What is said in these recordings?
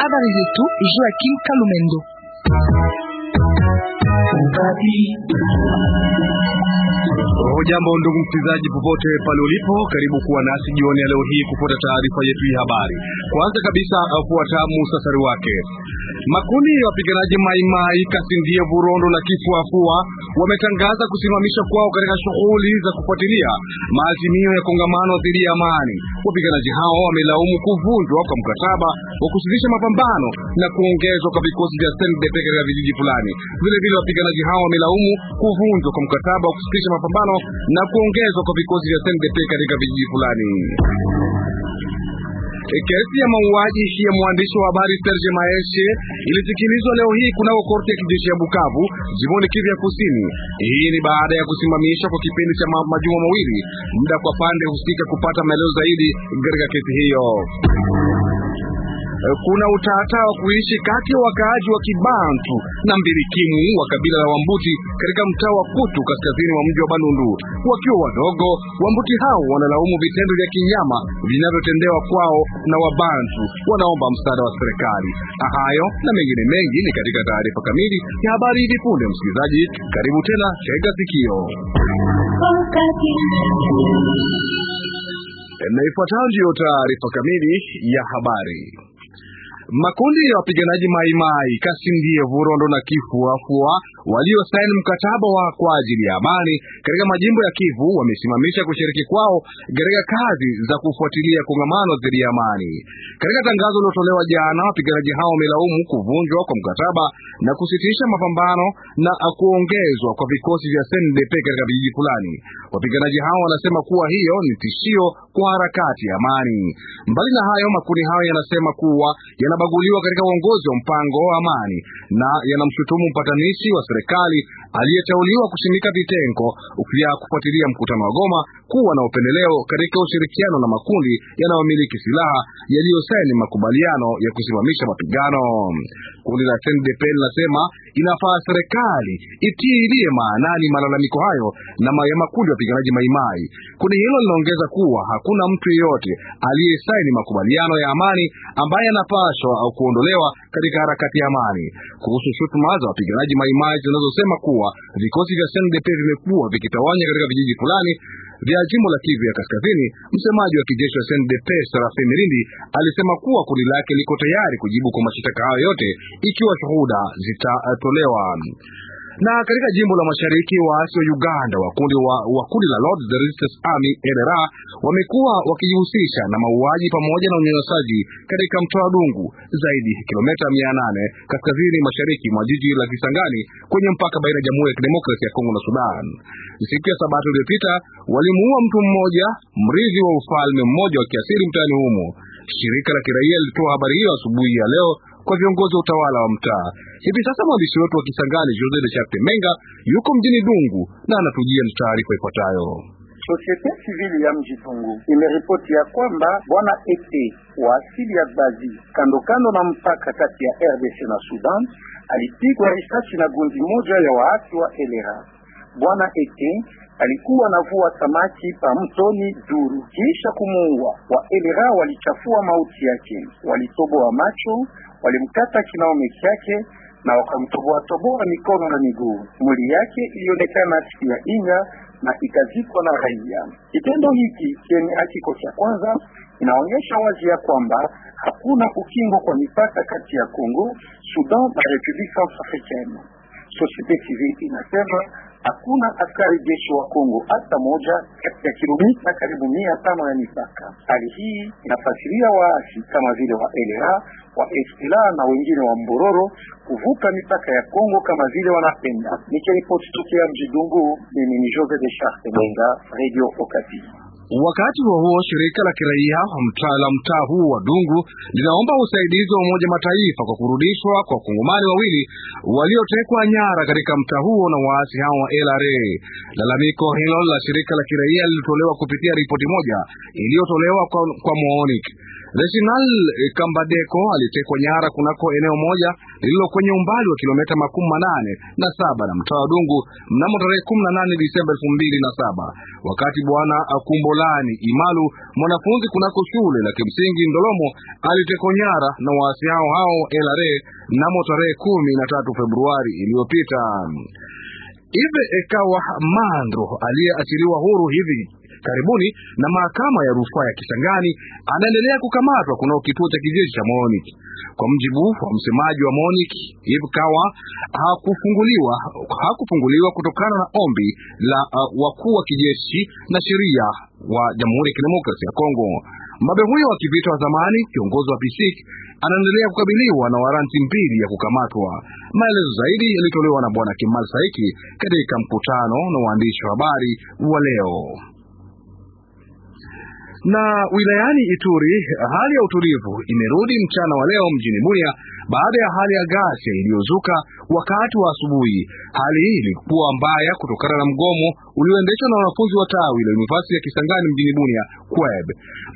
Habari zetu Joaquim Kalumendo Hujambo ndugu msikilizaji, popote pale ulipo, karibu kuwa nasi jioni ya leo hii kupata taarifa yetu ya habari. Kwanza kabisa, afuata muhtasari wake. Makundi ya wapiganaji Maimai, Kasindie, Vurondo na Kifuafua wametangaza kusimamisha kwao katika shughuli za kufuatilia maazimio ya kongamano dhidi ya amani. Wapiganaji hao wamelaumu kuvunjwa kwa mkataba wa kusitisha mapambano na kuongezwa kwa vikosi vya SNDP katika vijiji fulani. Vilevile Wapiganaji hao wamelaumu kuvunjwa kwa mkataba wa kusitisha mapambano na kuongezwa kwa vikosi vya SNDP katika vijiji fulani. Kesi ya mauaji ya mwandishi wa habari Serge Maeshe ilisikilizwa leo hii kunako korti ya kijeshi ya Bukavu, jimboni Kivu ya Kusini. Hii ni baada ya kusimamishwa kwa kipindi cha majuma mawili, muda kwa pande husika kupata maelezo zaidi katika kesi hiyo. Eh, kuna utata wa kuishi kati ya wakaaji wa Kibantu na mbirikimu wa kabila la Wambuti katika mtaa wa Kutu kaskazini mwa mji wa Bandundu. Wakiwa wadogo, Wambuti hao wanalaumu vitendo vya kinyama vinavyotendewa kwao na Wabantu, wanaomba msaada wa serikali. Hayo na mengine mengi ni katika taarifa kamili ya habari hivi punde. Msikilizaji, karibu tena, tega sikio. Na ifuatayo ndiyo taarifa kamili ya habari. Makundi ya wapiganaji Maimai, Kasindie, Vurondo na kifuafua waliosaini mkataba wa kwa ajili ya amani katika majimbo ya Kivu wamesimamisha kushiriki kwao katika kazi za kufuatilia kongamano dhidi ya amani. Katika tangazo lilotolewa jana, wapiganaji hao wamelaumu kuvunjwa kwa mkataba na kusitisha mapambano na kuongezwa kwa vikosi vya SNDP katika vijiji fulani. Wapiganaji hao wanasema kuwa hiyo ni tishio kwa harakati ya amani. Mbali na hayo, makundi hayo yanasema kuwa yana yatabaguliwa katika uongozi wa mpango wa amani, na yanamshutumu mpatanishi wa serikali aliyeteuliwa kushimika vitengo vya kufuatilia mkutano wa Goma kuwa na upendeleo katika ushirikiano na makundi yanayomiliki silaha yaliyosaini makubaliano ya kusimamisha mapigano. Kundi la CNDP linasema inafaa serikali itiilie maanani malalamiko hayo na ya makundi ya wapiganaji Maimai. Kundi hilo linaongeza kuwa hakuna mtu yeyote aliyesaini makubaliano ya amani ambaye anapashwa au kuondolewa katika harakati ya amani. Kuhusu shutuma za wapiganaji Maimai zinazosema kuwa kuwa vikosi vya SNDP vimekuwa vikitawanya katika vijiji fulani vya jimbo la Kivu ya Kaskazini. Msemaji wa kijeshi wa SNDP Serafe Mirindi alisema kuwa kundi lake liko tayari kujibu kwa mashitaka hayo yote ikiwa shuhuda zitatolewa. Na katika jimbo la mashariki waasi wa Uganda wa kundi wa kundi la Lord's Resistance Army LRA wamekuwa wakijihusisha na mauaji pamoja na unyanyasaji katika mtoa dungu zaidi kilomita 800 kaskazini mashariki mwa jiji la Kisangani kwenye mpaka baina ya Jamhuri ya Kidemokrasia ya Kongo na Sudan. Siku ya Sabato iliyopita walimuua mtu mmoja, mrithi wa ufalme mmoja wa kiasili mtaani humo. Shirika la kiraia lilitoa habari hiyo asubuhi ya leo kwa viongozi wa utawala wa mtaa. Hivi sasa mwandishi wetu wa Kisangani Jose de Charte Menga yuko mjini Dungu na anatujia na taarifa ifuatayo. Sosiete sivili ya mji Dungu imeripoti ya kwamba bwana Ete wa asili ya Bazi, kando kando na mpaka kati ya RDC na Sudan, alipigwa risasi na gundi moja ya waasi wa Elera. Bwana Ete alikuwa anavua samaki pa mtoni Duru. Kisha kumuua, wa Elera walichafua mauti yake, walitoboa wa macho walimkata kinaume chake na wakamtoboa toboa mikono na miguu. Mwili yake ilionekana ya inya na ikazikwa na raia. Kitendo hiki chenye akiko cha kwanza inaonyesha wazi ya kwamba hakuna ukingo kwa mipaka kati ya Kongo, Sudan na Republika Africaine. Societe Civile inasema hakuna askari jeshi wa Kongo hata moja katika kilomita karibu mia tano ya mipaka. Hali hii inafasiria waasi kama vile wa LRA wa Estila na wengine wa Mbororo kuvuka mipaka ya Kongo kama vile wanapenda. Nikiripoti tokea mjidungu, mimi ni Jose de Charte Benga, Radio Okapi. Wakati huo huo, shirika la kiraia la mtaa huu wa Dungu linaomba usaidizi wa Umoja Mataifa kwa kurudishwa kwa wakongomani wawili waliotekwa nyara katika mtaa huo na waasi hao wa LRA. Lalamiko hilo la shirika la kiraia lilitolewa kupitia ripoti moja iliyotolewa kwa, kwa MONUC. Reginal eh, Kambadeko alitekwa nyara kunako eneo moja lililo kwenye umbali wa kilomita makumi manane na saba na mtaa wa Dungu mnamo tarehe kumi na nane Disemba elfu mbili na saba wakati bwana Akumbolani Imalu mwanafunzi kunako shule la kimsingi Ndolomo alitekwa nyara na waasi hao hao LRA mnamo tarehe kumi na tatu Februari iliyopita. Ive Ekawa Mandro aliyeachiliwa huru hivi karibuni na mahakama ya rufaa ya Kisangani anaendelea kukamatwa kunao kituo cha kijeshi cha Monik. Kwa mjibu wa msemaji wa Monik, Yevkawa hakufunguliwa hakufunguliwa kutokana na ombi la uh, wakuu wa kijeshi na sheria wa Jamhuri ya Kidemokrasia ya Kongo. Mbabe huyo wa kivita wa zamani, kiongozi wa PSIC, anaendelea kukabiliwa na waranti mbili ya kukamatwa. Maelezo zaidi yalitolewa na Bwana Kimal Saiki katika mkutano na waandishi wa habari wa leo. Na wilayani Ituri hali ya utulivu imerudi mchana wa leo mjini Bunia baada ya hali ya ghasia iliyozuka wakati wa asubuhi. Hali hii ilikuwa mbaya kutokana na mgomo ulioendeshwa na wanafunzi wa tawi la Yunivasiti ya Kisangani mjini Bunia Kweb.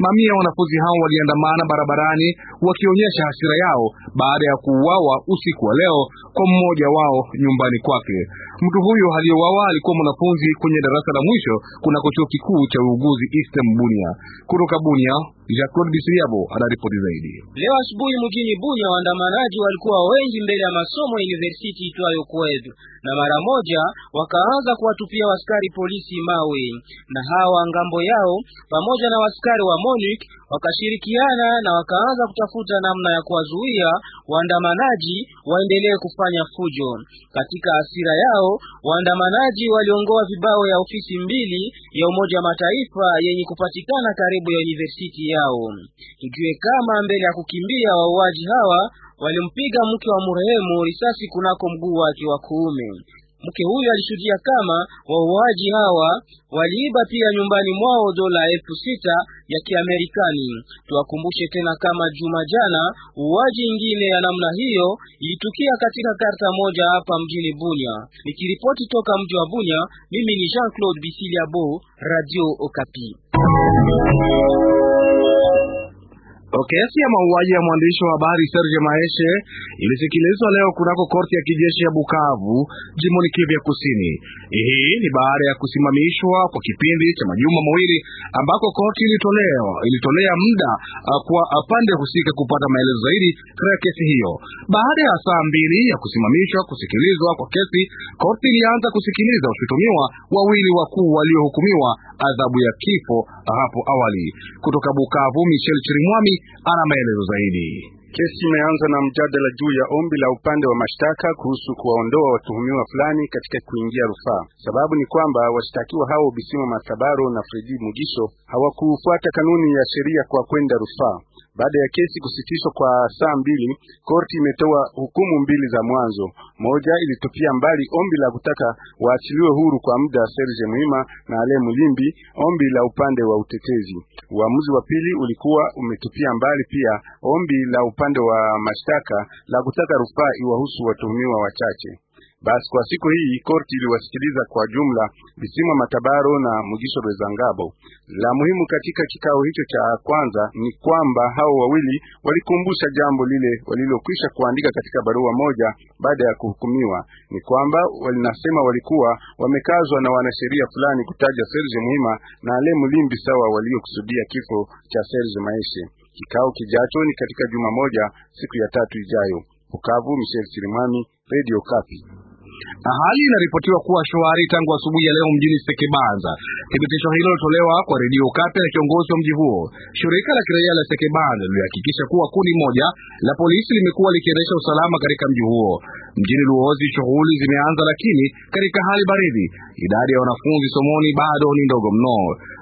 Mamia ya wanafunzi hao waliandamana barabarani wakionyesha hasira yao baada ya kuuawa usiku wa leo kwa mmoja wao nyumbani kwake. Mtu huyo aliyeuawa alikuwa mwanafunzi kwenye darasa la mwisho kunako chuo kikuu cha uuguzi Eastern Bunia. Kutoka Bunia, Jacques Bisiyabo anaripoti zaidi. Leo asubuhi mjini Bunia waandamana waandamanaji walikuwa wengi mbele ya masomo ya university itwayo Kwedu, na mara moja wakaanza kuwatupia waskari polisi mawe, na hawa ngambo yao pamoja na waskari wa monic wakashirikiana na wakaanza kutafuta namna ya kuwazuia waandamanaji waendelee kufanya fujo. Katika hasira yao, waandamanaji waliongoa vibao ya ofisi mbili ya Umoja wa Mataifa yenye kupatikana karibu ya university yao. Tujue kama mbele ya kukimbia wauaji hawa walimpiga mke wa mrehemu risasi kunako mguu wake wa kuume. Mke huyo alishuhudia kama wauaji hawa waliiba pia nyumbani mwao dola elfu sita ya Kiamerikani. Tuwakumbushe tena kama juma jana uuaji ingine ya namna hiyo ilitukia katika karta moja hapa mjini Bunia. Nikiripoti toka mji wa Bunia, mimi ni Jean-Claude Bisiliabo, Radio Okapi. Kesi ya mauaji ya mwandishi wa habari Serge Maeshe ilisikilizwa leo kunako korti ya kijeshi ya Bukavu jimboni Kivu ya Kusini. Hii ni baada ya kusimamishwa kwa kipindi cha majuma mawili ambako korti ilitolea, ilitolea muda ah, kwa ah, pande husika kupata maelezo zaidi katika kesi hiyo. Baada ya saa mbili ya kusimamishwa kusikilizwa kwa kesi, korti ilianza kusikiliza washutumiwa wawili wakuu waliohukumiwa adhabu ya kifo ah, hapo awali. Kutoka Bukavu, Michel Chirimwami ana maelezo zaidi. Kesi imeanza na mjadala juu ya ombi la upande wa mashtaka kuhusu kuwaondoa watuhumiwa fulani katika kuingia rufaa. Sababu ni kwamba washtakiwa hao Bisima Matabaro na Fredi Mugisho hawakufuata kanuni ya sheria kwa kwenda rufaa. Baada ya kesi kusitishwa kwa saa mbili, korti imetoa hukumu mbili za mwanzo. Moja ilitupia mbali ombi la kutaka waachiliwe huru kwa muda Serge muhima na Ale Mulimbi, ombi la upande wa utetezi. Uamuzi wa pili ulikuwa umetupia mbali pia ombi la upande wa mashtaka la kutaka rufaa iwahusu watuhumiwa wachache. Basi kwa siku hii korti iliwasikiliza kwa jumla Bisimwa Matabaro na Mugisho Rwezangabo. La muhimu katika kikao hicho cha kwanza ni kwamba hao wawili walikumbusha jambo lile walilokwisha kuandika katika barua moja baada ya kuhukumiwa. Ni kwamba walinasema walikuwa wamekazwa na wanasheria fulani kutaja Serge Muhima na Ale Mulimbi sawa waliokusudia kifo cha Serge Maeshe. Kikao kijacho ni katika juma moja siku ya tatu ijayo. Bukavu, Michel Silimani, Radio Kapi. Hali inaripotiwa kuwa shwari tangu asubuhi ya leo mjini Sekebanza. Thibitisho hilo lilitolewa kwa redio Kata ya kiongozi wa mji huo. Shirika la kiraia la Sekebanza lilihakikisha kuwa kundi moja la polisi limekuwa likiendesha usalama katika mji huo. Mjini Luozi shughuli zimeanza, lakini katika hali baridi. Idadi ya wanafunzi somoni bado ni ndogo mno.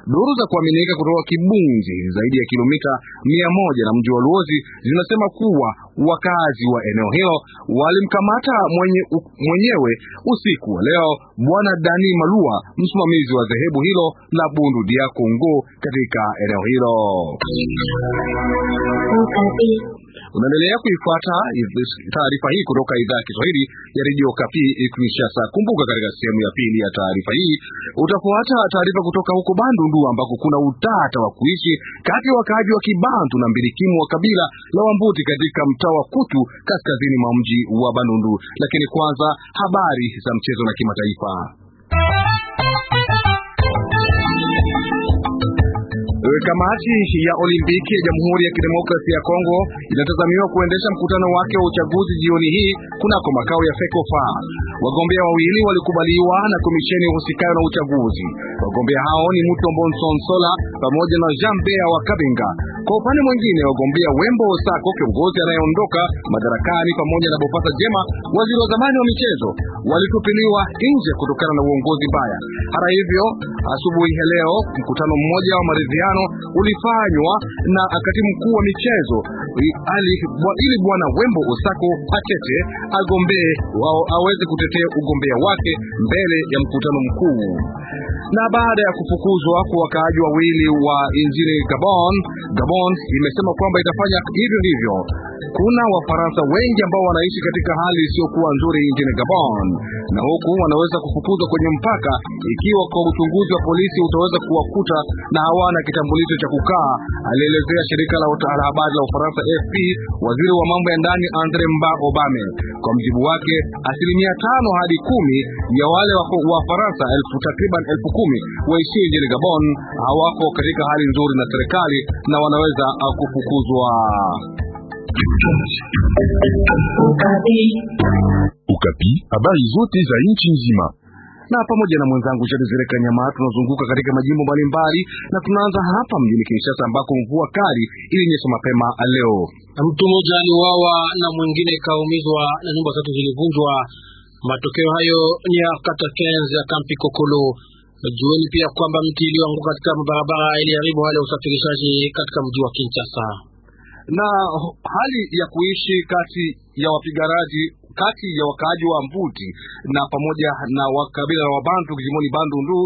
Duru za kuaminika kutoka Kibunzi, zaidi ya kilomita mia moja na mji wa Luozi, zinasema kuwa wakazi wa eneo hilo walimkamata mwenye, mwenyewe usiku wa leo Bwana Dani Malua, msimamizi wa dhehebu hilo la Bundu dia Kongo katika eneo hilo. Unaendelea kuifuata taarifa hii kutoka idhaa ya Kiswahili ya redio Kapi Kinshasa. Kumbuka, katika sehemu ya pili ya taarifa hii utafuata taarifa kutoka huko Bandundu ambako kuna utata wa kuishi kati ya wakaaji wa Kibantu na mbilikimu wa kabila la Wambuti katika mtaa wa Kutu kaskazini mwa mji wa Bandundu. Lakini kwanza habari za mchezo na kimataifa. Kamati ya Olimpiki ya Jamhuri ya Kidemokrasia ya Kongo inatazamiwa kuendesha mkutano wake wa uchaguzi jioni hii kunako makao ya fekofa Wagombea wawili walikubaliwa na komisheni husikayo na uchaguzi. Wagombea hao ni Mutombo Nsonsola pamoja na Jean Bea wa kabinga kwa upande mwingine, wagombea Wembo Sako, kiongozi anayeondoka madarakani, pamoja na Bofasa Jema, waziri wa zamani wa michezo, walitupiliwa nje kutokana na uongozi mbaya. Hata hivyo, asubuhi ya leo mkutano mmoja wa maridhiano ulifanywa na katibu mkuu wa michezo ili bwana Wembo Osako atete agombee, wao aweze kutetea ugombea wake mbele ya mkutano mkuu. Na baada ya kufukuzwa kwa wakaaji wawili wa nchini Gabon, Gabon imesema kwamba itafanya hivyo ndivyo kuna Wafaransa wengi ambao wanaishi katika hali isiyokuwa nzuri nchini Gabon, na huku wanaweza kufukuzwa kwenye mpaka ikiwa kwa uchunguzi wa polisi utaweza kuwakuta na hawana kitambulisho cha kukaa, alielezea shirika la habari la Ufaransa AFP waziri wa mambo ya ndani Andre Mba Obame. Kwa mjibu wake, asilimia tano hadi kumi ya wale Wafaransa takriban elfu kumi waishio nchini Gabon hawako katika hali nzuri na serikali na wanaweza kufukuzwa. Ukapi, habari zote za nchi nzima na pamoja na mwenzangu Jadezere Kanyama tunazunguka katika majimbo mbalimbali, na tunaanza hapa mjini Kinshasa ambako mvua kali ilinyesha mapema leo. Mtu mmoja aliuawa na mwingine kaumizwa na nyumba tatu zilivunjwa. Matokeo hayo ni ya kata 15 ya kampi Kokolo. Jueni pia kwamba mti iliyoanguka katika barabara iliharibu hali ya usafirishaji katika mji wa Kinshasa na hali ya kuishi kati ya wapiganaji kati ya wakaaji wa mbuti na pamoja na wakabila la Wabantu kijimoni Bandundu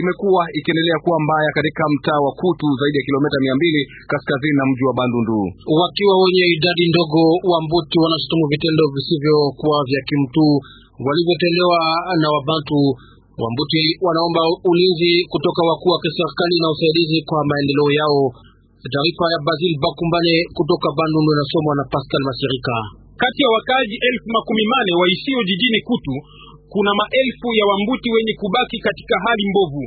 imekuwa ikiendelea kuwa mbaya katika mtaa wa Kutu, zaidi ya kilomita mia mbili kaskazini na mji wa Bandundu. Wakiwa wenye idadi ndogo, wa mbuti wanashutumu vitendo visivyokuwa vya kimtu walivyotendewa na Wabantu. Wambuti wanaomba ulinzi kutoka wakuu wa kiserikali na usaidizi kwa maendeleo yao. Taarifa ya Basil Bakumbale kutoka Bandundu inasomwa na Pascal Masirika. Kati ya wakazi elfu makumi mane waishio jijini Kutu kuna maelfu ya Wambuti wenye kubaki katika hali mbovu,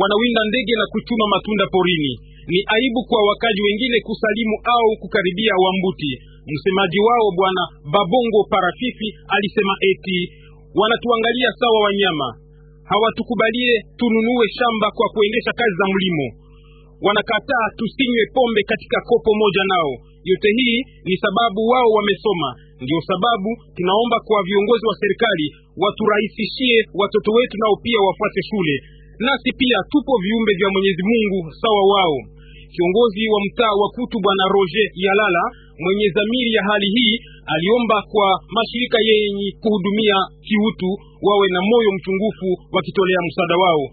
wanawinda ndege na kuchuma matunda porini. Ni aibu kwa wakazi wengine kusalimu au kukaribia Wambuti. Msemaji wao bwana Babongo Parafifi alisema eti wanatuangalia sawa wanyama, hawatukubalie tununue shamba kwa kuendesha kazi za mlimo wanakataa tusinywe pombe katika kopo moja nao. Yote hii ni sababu wao wamesoma. Ndio sababu tunaomba kwa viongozi wa serikali waturahisishie watoto wetu nao pia wafuate shule, nasi pia tupo viumbe vya Mwenyezi Mungu sawa wao. Kiongozi wa mtaa wa Kutu Bwana Roger Yalala mwenye dhamiri ya hali hii aliomba kwa mashirika yenye kuhudumia kiutu wawe na moyo mchungufu wakitolea msaada wao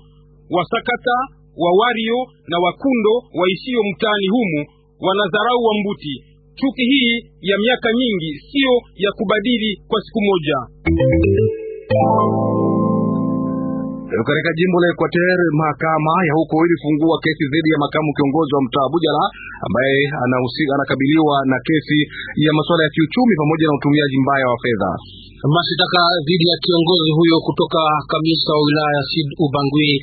wasakata wawario na wakundo waishio mtaani humu wanadharau wa mbuti. Chuki hii ya miaka nyingi siyo ya kubadili kwa siku moja. Katika jimbo la Equateur, mahakama ya huko ilifungua kesi dhidi ya makamu kiongozi wa mtaa Bujala ambaye anakabiliwa na kesi ya masuala ya kiuchumi pamoja na utumiaji mbaya wa fedha. mashitaka dhidi ya kiongozi huyo kutoka kamisa wa wilaya ya Sud Ubangui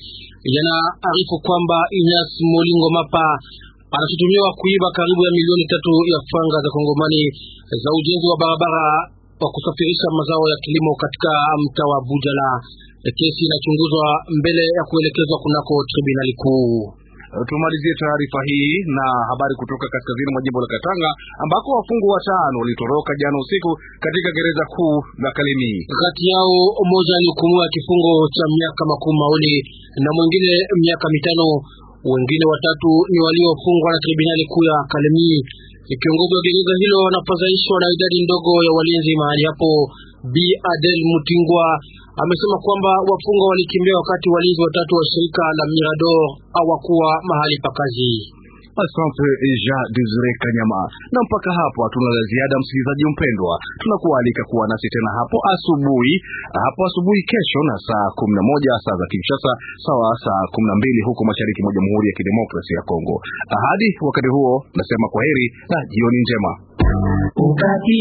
yanaarifu kwamba Inyas Molingo Mapa anashutumiwa kuiba karibu ya milioni tatu ya franga za Kongomani za ujenzi wa barabara wa kusafirisha mazao ya kilimo katika mtaa wa Bujala. E, kesi inachunguzwa mbele ya kuelekezwa kunako tribunali kuu. E, tumalizie taarifa hii na habari kutoka kaskazini mwa jimbo la Katanga ambako wafungwa watano walitoroka jana usiku katika gereza kuu la Kalemi. Kati yao mmoja alihukumiwa kifungo cha miaka makumi mawili na mwingine miaka mitano. Wengine watatu ni waliofungwa na tribunali kuu ya Kalemi. Kiongozi wa gereza hilo wanafadhaishwa na idadi ndogo ya walinzi mahali hapo. Bi Adel Mutingwa amesema kwamba wafungwa walikimbia wakati walinzi watatu wa shirika la Mirador hawakuwa mahali pa kazi. Asante Jean Desire Kanyama. Na mpaka hapo hatuna la ziada, msikilizaji mpendwa, tunakualika kuwa nasi tena hapo asubuhi hapo asubuhi kesho na saa kumi na moja saa za Kinshasa, sawa saa kumi na mbili huko mashariki mwa Jamhuri ya Kidemokrasia ya Kongo. Hadi wakati huo, nasema kwa heri na jioni njema. ukati